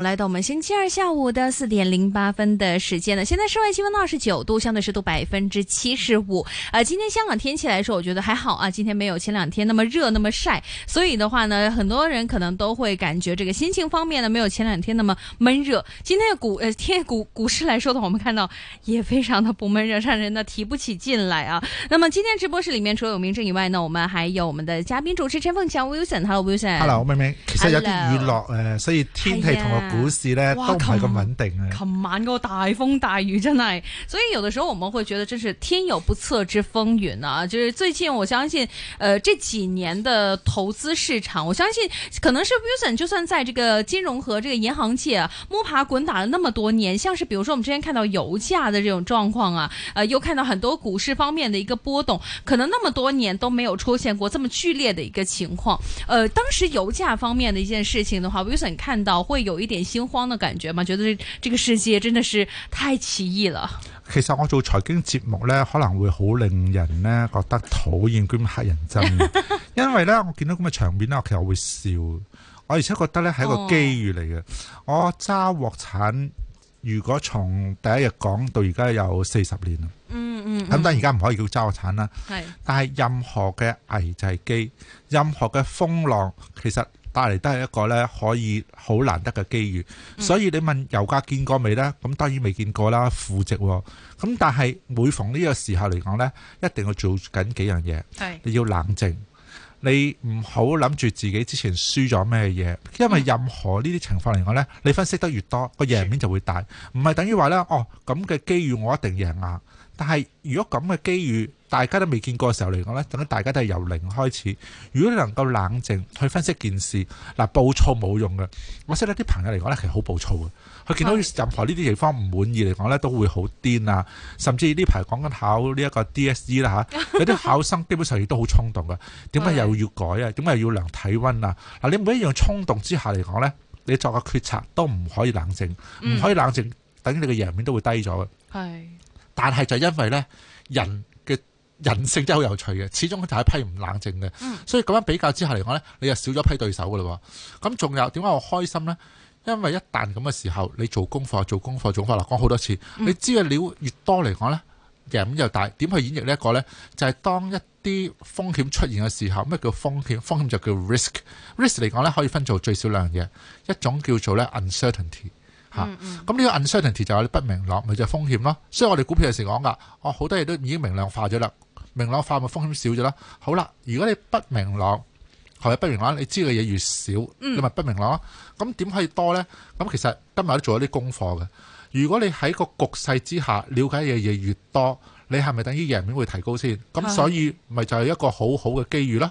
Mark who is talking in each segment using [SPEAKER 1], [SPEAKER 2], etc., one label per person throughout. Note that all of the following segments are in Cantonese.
[SPEAKER 1] 來到我們星期二下午的四點零八分的時間呢，現在室外氣溫二十九度，相對濕度百分之七十五。呃，今天香港天氣來說，我覺得還好啊。今天沒有前兩天那麼熱，那麼曬，所以的話呢，很多人可能都會感覺這個心情方面呢，沒有前兩天那麼悶熱。今天的股呃天股股市來說的話，我們看到也非常的不悶熱，讓人呢提不起勁來啊。那麼今天直播室裡面除了有明正以外呢，我們還有我們的嘉賓主持陳鳳翔 Wilson。Hello Wilson。Hello，
[SPEAKER 2] 明明。其實有啲雨落誒、呃，所以天氣同我。股市呢，都唔係咁穩定啊！琴
[SPEAKER 1] 晚個大風大雨真係，所以有的時候我們會覺得真是天有不測之風雲啊！就是最近我相信，呃這幾年的投資市場，我相信可能是 Wilson 就算在這個金融和這個銀行界啊，摸爬滾打了那麼多年，像是比如說我們之前看到油價的這種狀況啊，呃又看到很多股市方面的一個波動，可能那麼多年都沒有出現過這麼劇烈的一個情況。呃，當時油價方面的一件事情的話，Wilson 看到會有一點心慌的感覺嘛，覺得呢這個世界真的是太奇異了。
[SPEAKER 2] 其實我做財經節目呢，可能會好令人呢覺得討厭兼黑人憎， 因為呢，我見到咁嘅場面呢，我其實我會笑，我而且覺得呢係一個機遇嚟嘅、哦。我揸鑊鏟，如果從第一日講到而家有四十年嗯嗯，咁但係而家唔可以叫揸鑊鏟啦，但係任何嘅危機，任何嘅風浪，其實。帶嚟都係一個咧可以好難得嘅機遇，所以你問油價見過未呢？咁當然未見過啦，負值喎。咁但係每逢呢個時候嚟講呢，一定要做緊幾樣嘢，你要冷靜。你唔好諗住自己之前輸咗咩嘢，因為任何呢啲情況嚟講呢，你分析得越多，個贏面就會大。唔係等於話呢，哦咁嘅機遇我一定贏啊！但係如果咁嘅機遇大家都未見過嘅時候嚟講呢，等大家都係由零開始。如果你能夠冷靜去分析件事，嗱，暴躁冇用嘅。我識得啲朋友嚟講呢，其實好暴躁嘅。佢見到任何呢啲地方唔滿意嚟講咧，都會好癲啊！甚至呢排講緊考呢一個 DSE 啦、啊、嚇，有啲考生基本上亦都好衝動嘅、啊。點 解又要改啊？點解又要量體温啊？嗱，你每一樣衝動之下嚟講咧，你作個決策都唔可以冷靜，唔可以冷靜，嗯、等於你嘅贏面都會低咗嘅。係。但係就因為咧，人嘅人性真係好有趣嘅，始終就係一批唔冷靜嘅、嗯。所以咁樣比較之下嚟講咧，你又少咗批對手㗎嘞喎。咁仲有點解我開心咧？因為一旦咁嘅時候，你做功課做功課做功課，我講好多次，你知嘅料越多嚟講呢，咁又大，點去演繹呢一個呢？就係、是、當一啲風險出現嘅時候，咩叫風險？風險就叫 risk。risk 嚟講呢，可以分做最少兩樣嘢，一種叫做呢 uncertainty。吓、嗯嗯，咁、這、呢個 uncertainty 就有啲不明朗，咪就係、是、風險咯。所以我哋股票有時講噶，我、哦、好多嘢都已經明朗化咗啦，明朗化咪風險少咗啦。好啦，如果你不明朗。係啊，係咪，係咪不明朗，你知嘅嘢越少，你咪不明朗。咁點、嗯、可以多咧？咁其實今日都做咗啲功課嘅。如果你喺個局勢之下了解嘅嘢越多，你係咪等於贏面會提高先？咁所以咪就係一個好好嘅機遇咯。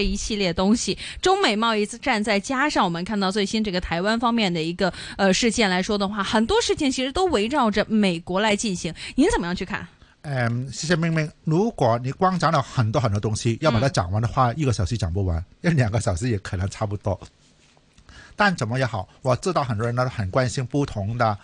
[SPEAKER 1] 這一系列東西，中美貿易戰再加上我們看到最新這個台灣方面的一個呃事件來說的話，很多事情其實都圍繞着美國來進行。您怎麼樣去看？
[SPEAKER 2] 嗯，謝謝明明。如果你光講了很多很多東西，要把它講完的話、嗯，一個小時講不完，一兩個小時也可能差不多。但怎麼也好，我知道很多人呢很關心不同的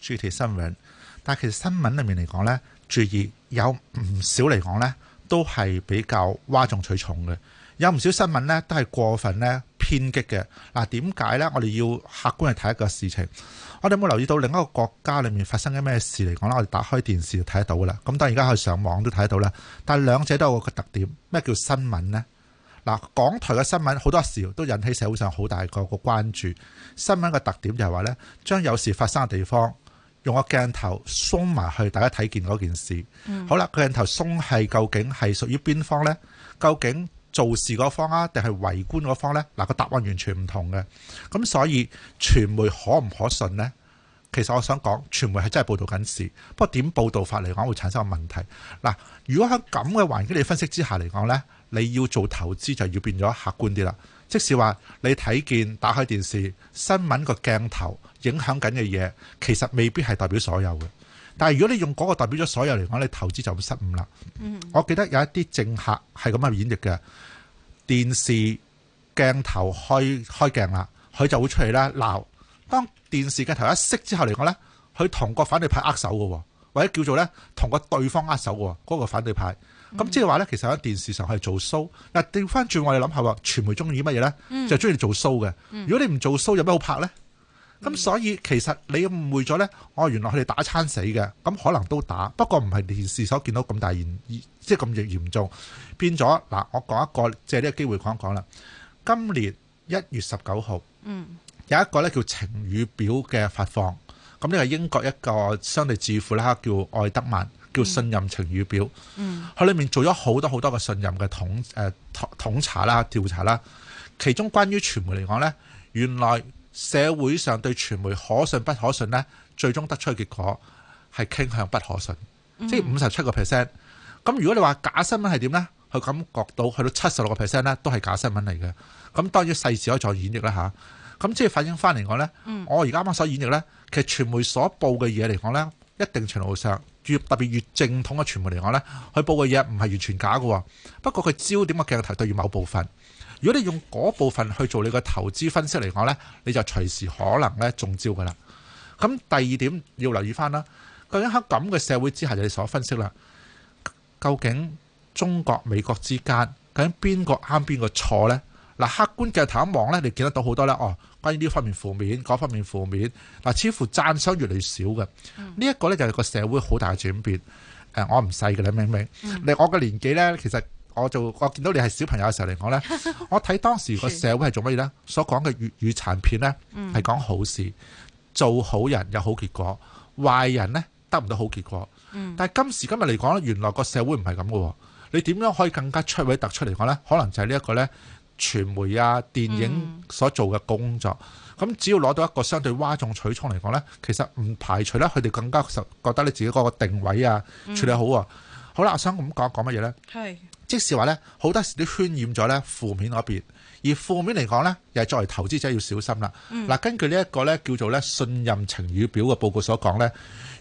[SPEAKER 2] 具體新聞。但其實新聞裏面來講呢，注意有唔少嚟講呢，都係比較嘩眾取寵嘅。有唔少新聞呢都係過分呢偏激嘅。嗱，點、啊、解呢？我哋要客觀去睇一個事情。我哋有冇留意到另一個國家裏面發生緊咩事嚟講咧？我哋打開電視就睇得到㗎啦。咁、嗯、當然而家去上網都睇得到啦。但兩者都有個特點。咩叫新聞呢？嗱、啊，港台嘅新聞好多時都引起社會上好大個關注。新聞嘅特點就係話呢，將有事發生嘅地方用個鏡頭鬆埋去，大家睇見嗰件事、嗯。好啦，個鏡頭鬆係究竟係屬於邊方呢？究竟？做事嗰方啊，定係圍觀嗰方咧？嗱、那，個答案完全唔同嘅。咁所以，傳媒可唔可信咧？其實我想講傳媒係真係報道緊事，不過點報道法嚟講會產生問題。嗱，如果喺咁嘅環境你分析之下嚟講咧，你要做投資就要變咗客觀啲啦。即使話你睇見打開電視新聞個鏡頭影響緊嘅嘢，其實未必係代表所有嘅。但係如果你用嗰個代表咗所有嚟講，你投資就會失誤啦、嗯。我記得有一啲政客係咁樣演繹嘅，電視鏡頭開開鏡啦，佢就會出嚟啦鬧。當電視鏡頭一熄之後嚟講呢，佢同個反對派握手嘅，或者叫做呢，同個對方握手嘅嗰、嗰個反對派。咁即係話呢，其實喺電視上係做 show。嗱，調翻轉我哋諗下話，傳媒中意乜嘢呢？嗯、就中、是、意做 show 嘅。如果你唔做 show，有咩好拍呢？咁、嗯、所以其實你誤會咗呢，我、哦、原來佢哋打餐死嘅，咁可能都打，不過唔係電視所見到咁大即係咁嚴嚴重。變咗嗱，我講一個借呢個機會講一講啦。今年一月十九號，嗯，有一個呢叫晴雨表嘅發放，咁呢個英國一個相對智庫啦，叫愛德曼，叫信任晴雨表。嗯，佢、嗯、裏面做咗好多好多嘅信任嘅統誒統查啦、調查啦，其中關於傳媒嚟講呢，原來。社會上對傳媒可信不可信咧，最終得出嘅結果係傾向不可信，嗯、即係五十七個 percent。咁如果你話假新聞係點呢？佢感覺到去到七十六個 percent 咧，都係假新聞嚟嘅。咁當然細節可以再演繹啦吓，咁即係反映翻嚟講呢，我而家啱啱所演繹呢，其實傳媒所報嘅嘢嚟講呢，一定程度上越特別越正統嘅傳媒嚟講呢，佢報嘅嘢唔係完全假㗎喎。不過佢焦點嘅鏡頭對於某部分。如果你用嗰部分去做你個投資分析嚟講呢，你就隨時可能咧中招噶啦。咁第二點要留意翻啦，究竟喺咁嘅社會之下，就你所分析啦，究竟中國美國之間究竟邊個啱邊個錯呢？嗱，客觀鏡頭一望呢，你見得到好多啦。哦，關於呢方面負面，嗰方面負面，嗱，似乎讚賞越嚟越少嘅。呢、嗯、這個、一個呢，就係個社會好大嘅轉變。誒，我唔細噶啦，明唔明、嗯？你我嘅年紀咧，其實。我就我見到你係小朋友嘅時候嚟講呢， 我睇當時個社會係做乜嘢呢？所講嘅粵語殘片呢，係、嗯、講好事，做好人有好結果，壞人呢得唔到好結果。嗯、但係今時今日嚟講呢，原來個社會唔係咁嘅。你點樣可以更加出位突出嚟講呢？可能就係呢一個呢傳媒啊、電影所做嘅工作。咁、嗯、只要攞到一個相對嘩眾取寵嚟講呢，其實唔排除呢，佢哋更加覺得你自己嗰個定位啊處理好啊。嗯、好啦，阿生咁講講乜嘢呢？係。即是話咧，好多時都渲染咗咧負面嗰邊，而負面嚟講咧，又係作為投資者要小心啦。嗱、嗯，根據呢一個咧叫做咧信任晴雨表嘅報告所講咧，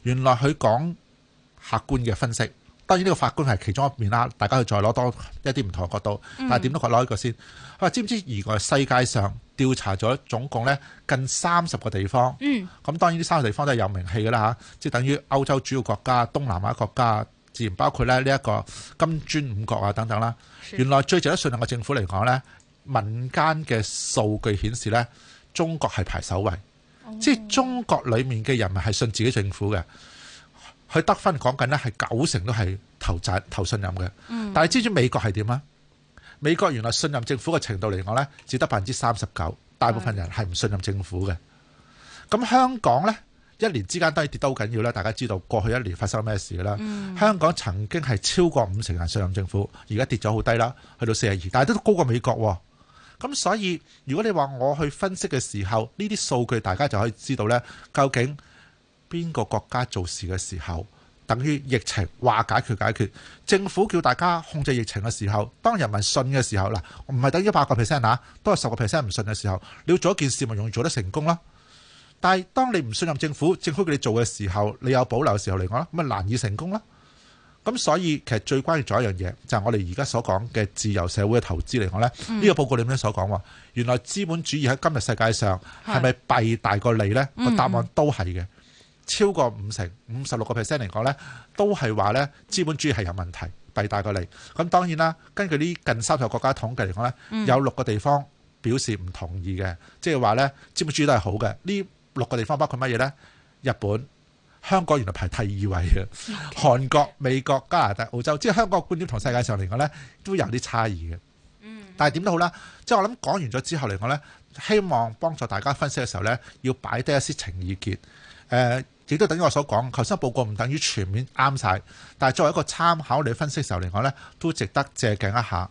[SPEAKER 2] 原來佢講客觀嘅分析，當然呢個法官係其中一面啦。大家去再攞多一啲唔同嘅角度，但係點都講攞一個先。佢話知唔知？而外世界上調查咗總共咧近三十個地方，咁、嗯、當然呢三個地方都有名氣噶啦吓，即等於歐洲主要國家、東南亞國家。包括咧呢一個金磚五國啊等等啦。原來最值得信任嘅政府嚟講咧，民間嘅數據顯示咧，中國係排首位，哦、即係中國裡面嘅人民係信自己政府嘅，佢得分講緊咧係九成都係投贊投信任嘅、嗯。但係至於美國係點啊？美國原來信任政府嘅程度嚟講咧，只得百分之三十九，大部分人係唔信任政府嘅。咁香港呢？一年之間低跌都好緊要啦，大家知道過去一年發生咩事啦、嗯。香港曾經係超過五成人信任政府，而家跌咗好低啦，去到四十二，但係都高過美國。咁所以如果你話我去分析嘅時候，呢啲數據大家就可以知道呢，究竟邊個國家做事嘅時候，等於疫情話解決解決，政府叫大家控制疫情嘅時候，當人民信嘅時候，嗱唔係等於一百個 percent 啊，都係十個 percent 唔信嘅時候，你要做一件事咪容易做得成功咯？但係當你唔信任政府，政府叫你做嘅時候，你有保留嘅時候嚟講咧，咁啊難以成功啦。咁所以其實最關鍵仲有一樣嘢，就係、是、我哋而家所講嘅自由社會嘅投資嚟講咧，呢、嗯，這個報告裏面咧所講，原來資本主義喺今日世界上係咪弊大過利呢？個答案都係嘅、嗯，超過五成五十六個 percent 嚟講呢都係話呢資本主義係有問題，弊大過利。咁當然啦，根據呢近三十個國家統計嚟講呢有六個地方表示唔同意嘅，即係話呢資本主義都係好嘅，呢。六個地方包括乜嘢呢？日本、香港原來排第二位嘅，Okay. 韓國、美國、加拿大、澳洲，即係香港觀點同世界上嚟講呢，都有啲差異嘅。Mm. 但係點都好啦，即係我諗講完咗之後嚟講呢，希望幫助大家分析嘅時候呢，要擺低一啲情意結。誒、呃，亦都等於我所講，求生報告唔等於全面啱晒，但係作為一個參考嚟分析嘅時候嚟講呢，都值得借鏡一下。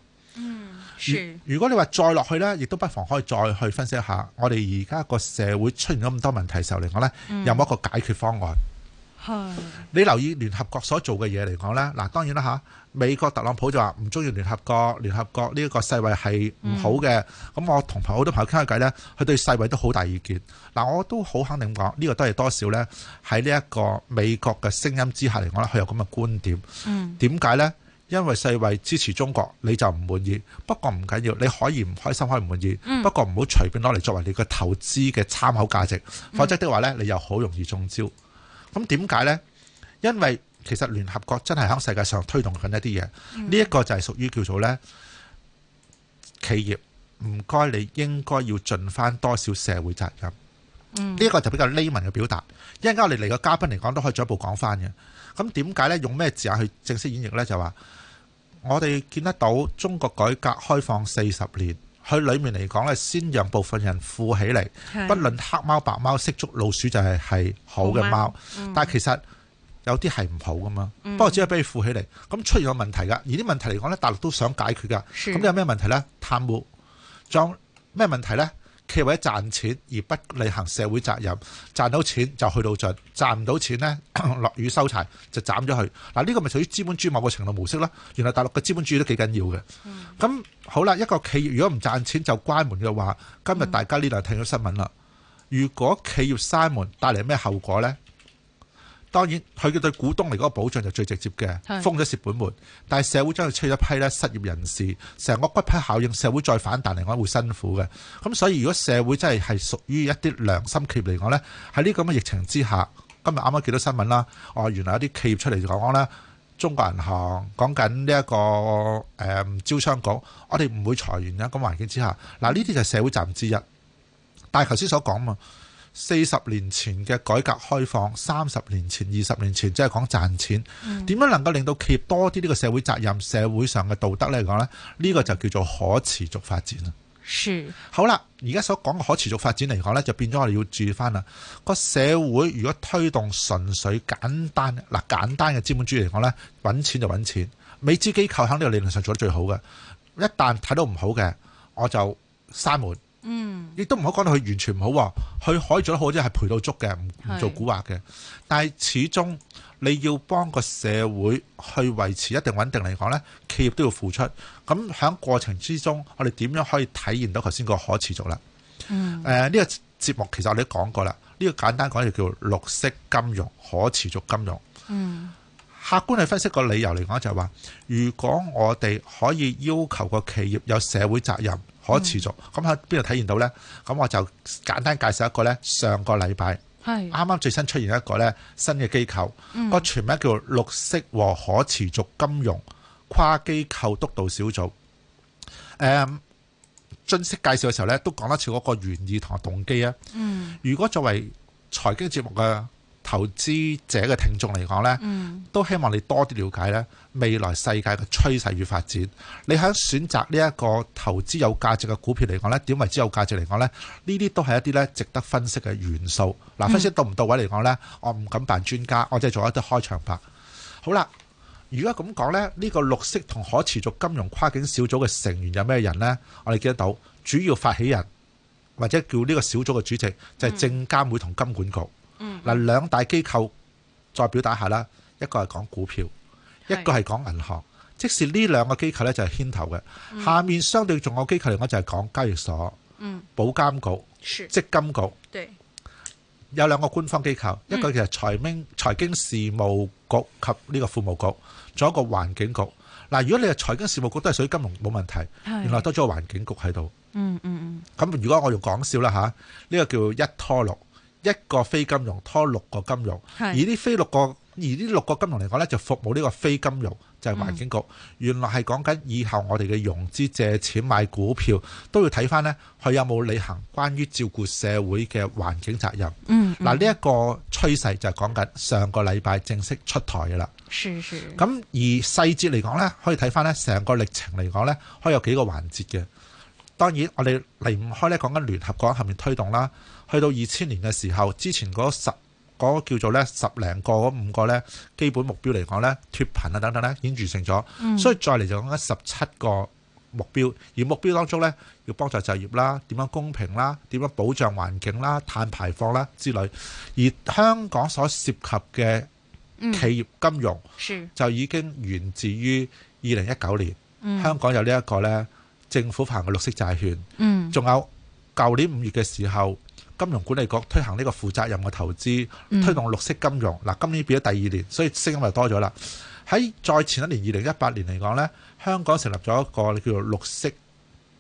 [SPEAKER 2] 如果你話再落去呢，亦都不妨可以再去分析一下，我哋而家個社會出現咗咁多問題嘅時候嚟講呢，有冇一個解決方案？係你留意聯合國所做嘅嘢嚟講呢？嗱，當然啦吓，美國特朗普就話唔中意聯合國，聯合國呢一個世衛係唔好嘅。咁、嗯、我同好多朋友傾下偈呢，佢對世衛都好大意見。嗱，我都好肯定講，呢、這個都係多少呢？喺呢一個美國嘅聲音之下嚟講呢，佢有咁嘅觀點。嗯，點解呢？因為世衛支持中國，你就唔滿意。不過唔緊要，你可以唔開心，可以唔滿意。嗯、不過唔好隨便攞嚟作為你嘅投資嘅參考價值，嗯、否則的話呢，你又好容易中招。咁點解呢？因為其實聯合國真係喺世界上推動緊一啲嘢。呢、嗯、一、個就係屬於叫做呢，企業唔該，你應該要盡翻多少社會責任。呢、嗯、一、這個就比較 layman 嘅表達，一陣間我哋嚟個嘉賓嚟講都可以進一步講翻嘅。咁點解呢？用咩字眼去正式演繹呢？就話我哋見得到中國改革開放四十年，佢裡面嚟講呢，先讓部分人富起嚟，不論黑貓白貓識捉老鼠就係係好嘅貓、嗯，但係其實有啲係唔好噶嘛。不過只係俾佢富起嚟，咁、嗯、出現咗問題噶，而啲問題嚟講呢，大陸都想解決噶。咁有咩問題呢？貪污，仲咩問題呢？企業為咗賺錢而不履行社會責任，賺到錢就去到盡，賺唔到錢呢，落雨收柴就斬咗佢。嗱、這、呢個咪屬於資本主義某個程度模式啦。原來大陸嘅資本主義都幾緊要嘅。咁、嗯、好啦，一個企業如果唔賺錢就關門嘅話，今日大家呢度聽咗新聞啦。如果企業閂門，帶嚟咩後果呢？當然，佢嘅對股東嚟嗰個保障就最直接嘅，封咗蝕本門。但係社會將要出一批咧失業人士，成個骨牌效應，社會再反彈嚟講會辛苦嘅。咁所以如果社會真係係屬於一啲良心企業嚟講呢，喺呢咁嘅疫情之下，今日啱啱見到新聞啦，哦，原來有啲企業出嚟講講啦，中國銀行講緊呢一個誒，嗯，招商局，我哋唔會裁員咧。咁環境之下，嗱呢啲就係社會責任之一。但係頭先所講嘛。四十年前嘅改革開放，三十年前、二十年前，即係講賺錢，點樣能夠令到企業多啲呢個社會責任、社會上嘅道德呢嚟講呢？呢、呢個就叫做可持續發展啊！係好啦，而家所講嘅可持續發展嚟講呢，就變咗我哋要注意翻啦。個社會如果推動純粹簡單嗱簡單嘅資本主義嚟講呢，揾錢就揾錢。美資機構喺呢個理論上做得最好嘅，一旦睇到唔好嘅，我就閂門。嗯，亦都唔好講講到佢完全唔好，佢可以做得好啲，係賠到足嘅，唔唔做蠱惑嘅。但係始終你要幫個社會去維持一定穩定嚟講，呢企業都要付出。咁喺過程之中，我哋點樣可以體現到頭先個可持續啦？嗯，呢、呃呢個節目其實我哋都講過啦。呢、呢個簡單講就叫綠色金融、可持續金融。嗯，客觀去分析個理由嚟講就係話，如果我哋可以要求個企業有社會責任。可持續咁喺邊度體現到呢？咁我就簡單介紹一個呢。上個禮拜啱啱最新出現一個呢新嘅機構，個、嗯、全名叫綠色和可持續金融跨機構督導小組。誒、嗯，正式介紹嘅時候呢，都講得似嗰個原意同動機啊。嗯，如果作為財經節目嘅，投資者嘅聽眾嚟講呢，都希望你多啲了解咧未來世界嘅趨勢與發展。你喺選擇呢一個投資有價值嘅股票嚟講呢，點為之有價值嚟講呢？呢啲都係一啲咧值得分析嘅元素。嗱、啊，分析到唔到位嚟講呢，我唔敢扮專家，我只係做一啲開場白。好啦，如果咁講呢，呢、呢個綠色同可持續金融跨境小組嘅成員有咩人呢？我哋見得到主要發起人或者叫呢個小組嘅主席就係、係、證監會同金管局。嗯嗱，兩大機構再表達下啦，一個係講股票，一個係講銀行。即是呢兩個機構呢，就係牽頭嘅、嗯。下面相對重要機構嚟講，就係講交易所、保監局、積金局。有兩個官方機構，嗯、一個叫財經財經事務局及呢個庫務局，仲有一個環境局。嗱、啊，如果你係財經事務局，都係屬於金融冇問題。原來多咗個環境局喺度。嗯嗯咁、嗯、如果我用講笑啦嚇，呢、啊呢個叫「一拖六」。一個非金融拖六個金融，而呢非六個，而呢六個金融嚟講呢，就服務呢個非金融，就係、是、環境局。嗯、原來係講緊以後我哋嘅融資借錢買股票，都要睇翻呢，佢有冇履行關於照顧社會嘅環境責任。嗯，嗯，嗱呢一個趨勢就係講緊上個禮拜正式出台噶啦。咁而細節嚟講呢，可以睇翻呢成個歷程嚟講呢，可以有幾個環節嘅。當然我哋離唔開呢講緊聯合國後面推動啦。去到二千年嘅時候，之前嗰十個、那個、叫做呢十零個五個呢基本目標嚟講呢，脫貧啊等等呢已經完成咗、嗯，所以再嚟就講緊十七個目標，而目標當中呢要幫助就業啦，點樣公平啦，點樣保障環境啦、碳排放啦之類，而香港所涉及嘅企業金融就已經源自於二零一九年、嗯，香港有呢一個呢政府行嘅綠色債券，仲、嗯、有舊年五月嘅時候。金融管理局推行呢個負責任嘅投資，推動綠色金融。嗱，今年變咗第二年，所以聲音就多咗啦。喺再前一年二零一八年嚟講呢，香港成立咗一個叫做綠色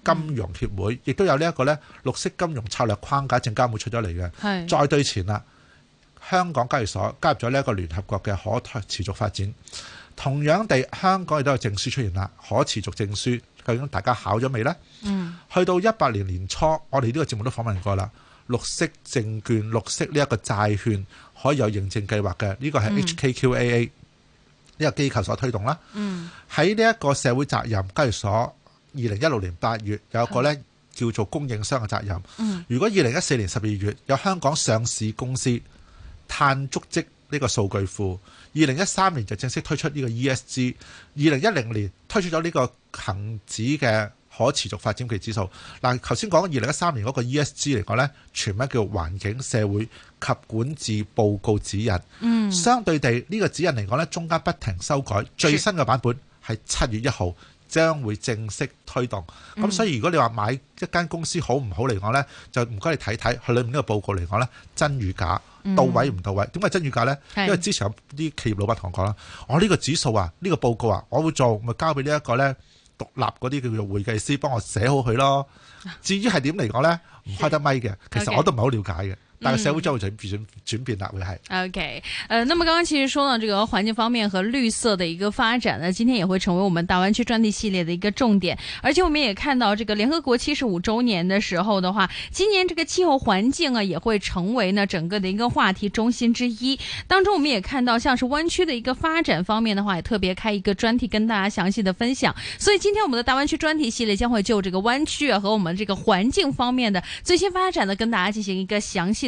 [SPEAKER 2] 金融協會，亦、嗯、都有呢一個呢綠色金融策略框架，證監會出咗嚟嘅。再對前啦，香港交易所加入咗呢一個聯合國嘅可持續發展。同樣地，香港亦都有證書出現啦，可持續證書究竟大家考咗未呢？去到一八年年初，我哋呢個節目都訪問過啦。綠色證券、綠色呢一個債券可以有認證計劃嘅，呢、呢個係 HKQAA 呢、嗯呢個機構所推動啦。喺呢一個社會責任交易所，二零一六年八月有一個呢叫做供應商嘅責任。嗯、如果二零一四年十二月有香港上市公司碳足跡呢個數據庫，二零一三年就正式推出呢個 ESG。二零一零年推出咗呢個恒指嘅。可持續發展期指數嗱，頭先講二零一三年嗰個 ESG 嚟講呢，全名叫環境、社會及管治報告指引。嗯。相對地，呢、這個指引嚟講呢，中間不停修改，最新嘅版本係七月一號將會正式推動。咁、嗯、所以如果你話買一間公司好唔好嚟講呢，就唔該你睇睇佢裡面呢個報告嚟講呢，真與假到位唔到位？點解真與假呢？因為之前有啲企業老闆同我講啦，我、哦、呢、這個指數啊，呢、這個報告啊，我會做，咪交俾呢一個呢。獨立嗰啲叫做會計師幫我寫好佢咯。至於係點嚟講咧，唔開得咪嘅，其實我都唔係好了解嘅。大概社會教育轉變
[SPEAKER 1] OK，呃，那麼剛剛其實說到這個環境方面和綠色的一個發展呢，那今天也會成為我們大灣區專題系列的一個重點。而且我們也看到，這個聯合國七十五周年的時候的話，今年這個氣候環境啊也會成為呢整個的一個話題中心之一。當中我們也看到，像是灣區的一個發展方面的話，也特別開一個專題跟大家詳細的分享。所以今天我們的大灣區專題系列將會就這個灣區啊和我們這個環境方面的最新發展的跟大家進行一個詳細